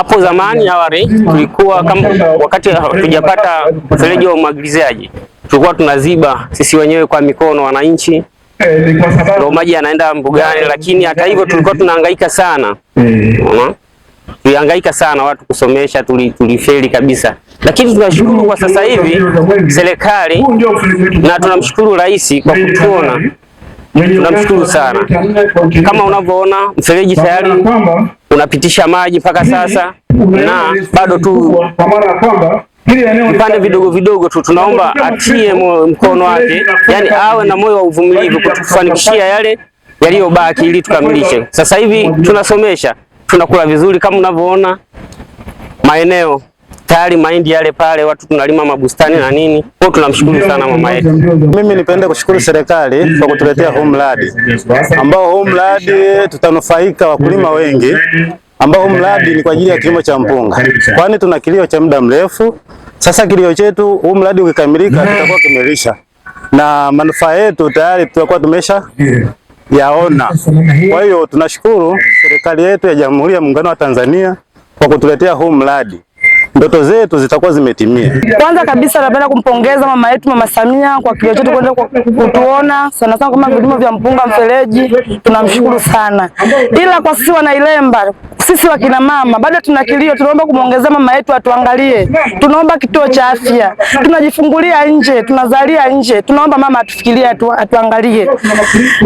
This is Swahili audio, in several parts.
Hapo zamani awali tulikuwa kama wakati hatujapata mfereji wa umwagiliziaji, tulikuwa tunaziba sisi wenyewe kwa mikono, wananchi ndio maji yanaenda mbugani. Lakini hata hivyo tulikuwa tunahangaika sana, unaona tulihangaika sana watu kusomesha, tulifeli kabisa, lakini tunashukuru kwa sasa hivi serikali na tunamshukuru rais kwa kutuona tunamshukuru sana. Kama unavyoona mfereji tayari unapitisha maji mpaka sasa, na bado tu vipande vidogo vidogo tu, tunaomba atie mkono wake, yani awe na moyo wa uvumilivu kutufanikishia yale yaliyobaki ili tukamilishe. Sasa hivi tunasomesha, tunakula vizuri kama unavyoona maeneo tayari mahindi yale pale, watu tunalima mabustani na nini. Kwa tunamshukuru sana mama yetu. Mimi nipende kushukuru serikali kwa kutuletea huu mradi ambao huu mradi tutanufaika wakulima wengi, ambao huu mradi ni kwa ajili ya kilimo cha mpunga, kwani tuna kilio cha muda mrefu sasa. Kilio chetu huu mradi ukikamilika, tutakuwa kimelisha na manufaa yetu tayari tutakuwa tumesha yaona. Kwa hiyo tunashukuru serikali yetu ya Jamhuri ya Muungano wa Tanzania kwa kutuletea huu mradi ndoto zetu zitakuwa zimetimia. Kwanza kabisa napenda kumpongeza mama yetu Mama Samia kwa kile chote kwenda kutuona sana sana kama vilimo vya mpunga mfereji, tunamshukuru sana, ila kwa sisi wanailemba sisi wakina mama bado tuna kilio, tunaomba kumwongezea mama yetu atuangalie, tunaomba kituo cha afya, tunajifungulia nje, tunazalia nje, tunaomba mama atufikirie, atu, atuangalie.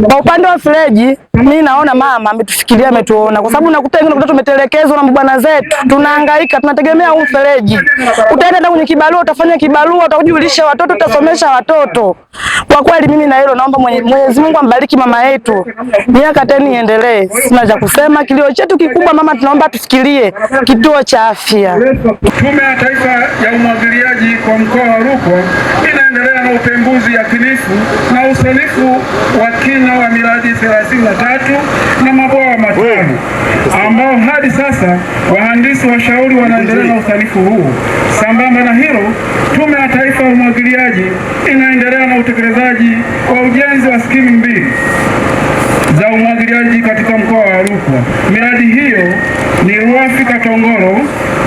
Kwa upande wa Freji, mimi naona mama ametufikiria, ametuona, kwa sababu nakuta wengine tumetelekezwa na mabwana zetu, tunahangaika, tunategemea huu mfereji. Utaenda na kwenye kibarua, utafanya kibarua, utakujulisha watoto, utasomesha watoto. Kwa kweli mimi na hilo naomba Mwenyezi Mungu ambariki mama yetu, miaka tena iendelee. Sina cha kusema, kilio chetu kikubwa mama maana tunaomba tusikilie kituo cha afya. Tume ya Taifa ya Umwagiliaji kwa mkoa wa Rukwa inaendelea na upembuzi yakinifu na usanifu wa kina wa miradi 33 na mabwawa matano ambao hadi sasa wahandisi washauri wanaendelea na usanifu huu. Sambamba na hilo, Tume ya Taifa ya Umwagiliaji inaendelea na utekelezaji wa ujenzi wa skimu mbili za umwagiliaji katika mkoa wa Rukwa. Miradi hiyo ni Ruafi Katongoro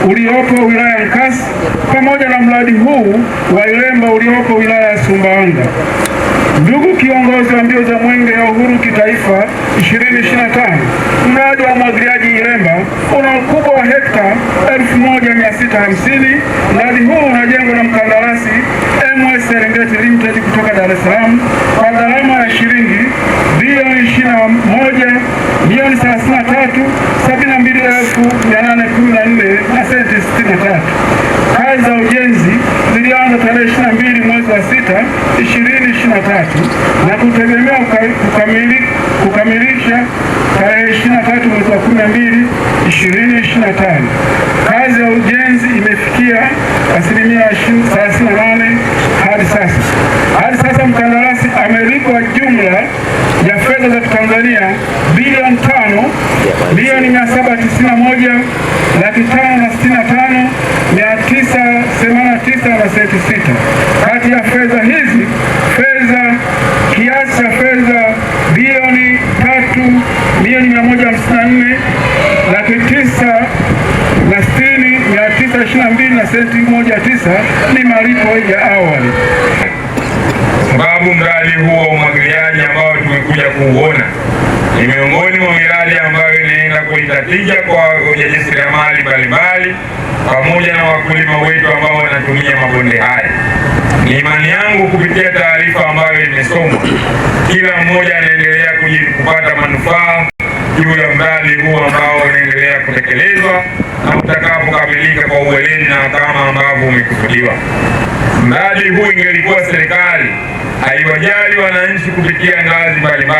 uliopo wilaya Nkasi pamoja na mradi huu wa Ilemba uliopo wilaya ya Sumbawanga. Ndugu kiongozi wa mbio za mwenge ya uhuru kitaifa 2025, mradi wa umwagiliaji Ilemba una ukubwa wa hekta 1650. Mradi huu unajengwa na mkandarasi MS Serengeti Limited kutoka Dar es Salaam kwa gharama ya kazi za ujenzi zilianza tarehe 22 mwezi wa sita 2023 na kutegemea kukamilisha tarehe 23 mwezi wa 12 2025. Kazi ya ujenzi imefikia asilimia 38 hadi sasa. Hadi sasa mkandarasi amelipwa jumla ya fedha za Tanzania bilioni 3 tano bilioni mia saba tisini na moja laki tano na sitini na tano mia tisa themanini na tisa na senti sita. Kati ya fedha hizi fedha kiasi cha fedha bilioni tatu milioni mia moja hamsini na nne laki tisa na sitini mia tisa ishirini na mbili na senti moja tisa ni malipo ya awali. Sababu mradi huo wa umwagiliaji ambao tumekuja kuuona ni miongoni mwa miradi ambayo inaenda kuleta tija kwa wajasiriamali mbalimbali pamoja na wakulima wetu ambao wanatumia mabonde haya. Ni imani yangu kupitia taarifa ambayo imesomwa, kila mmoja anaendelea kupata manufaa juu ya mradi huu ambao unaendelea kutekelezwa na utakapokamilika kwa uweleni na kama ambavyo umekusudiwa. Mradi huu ingelikuwa serikali haiwajali wananchi kupitia ngazi mbalimbali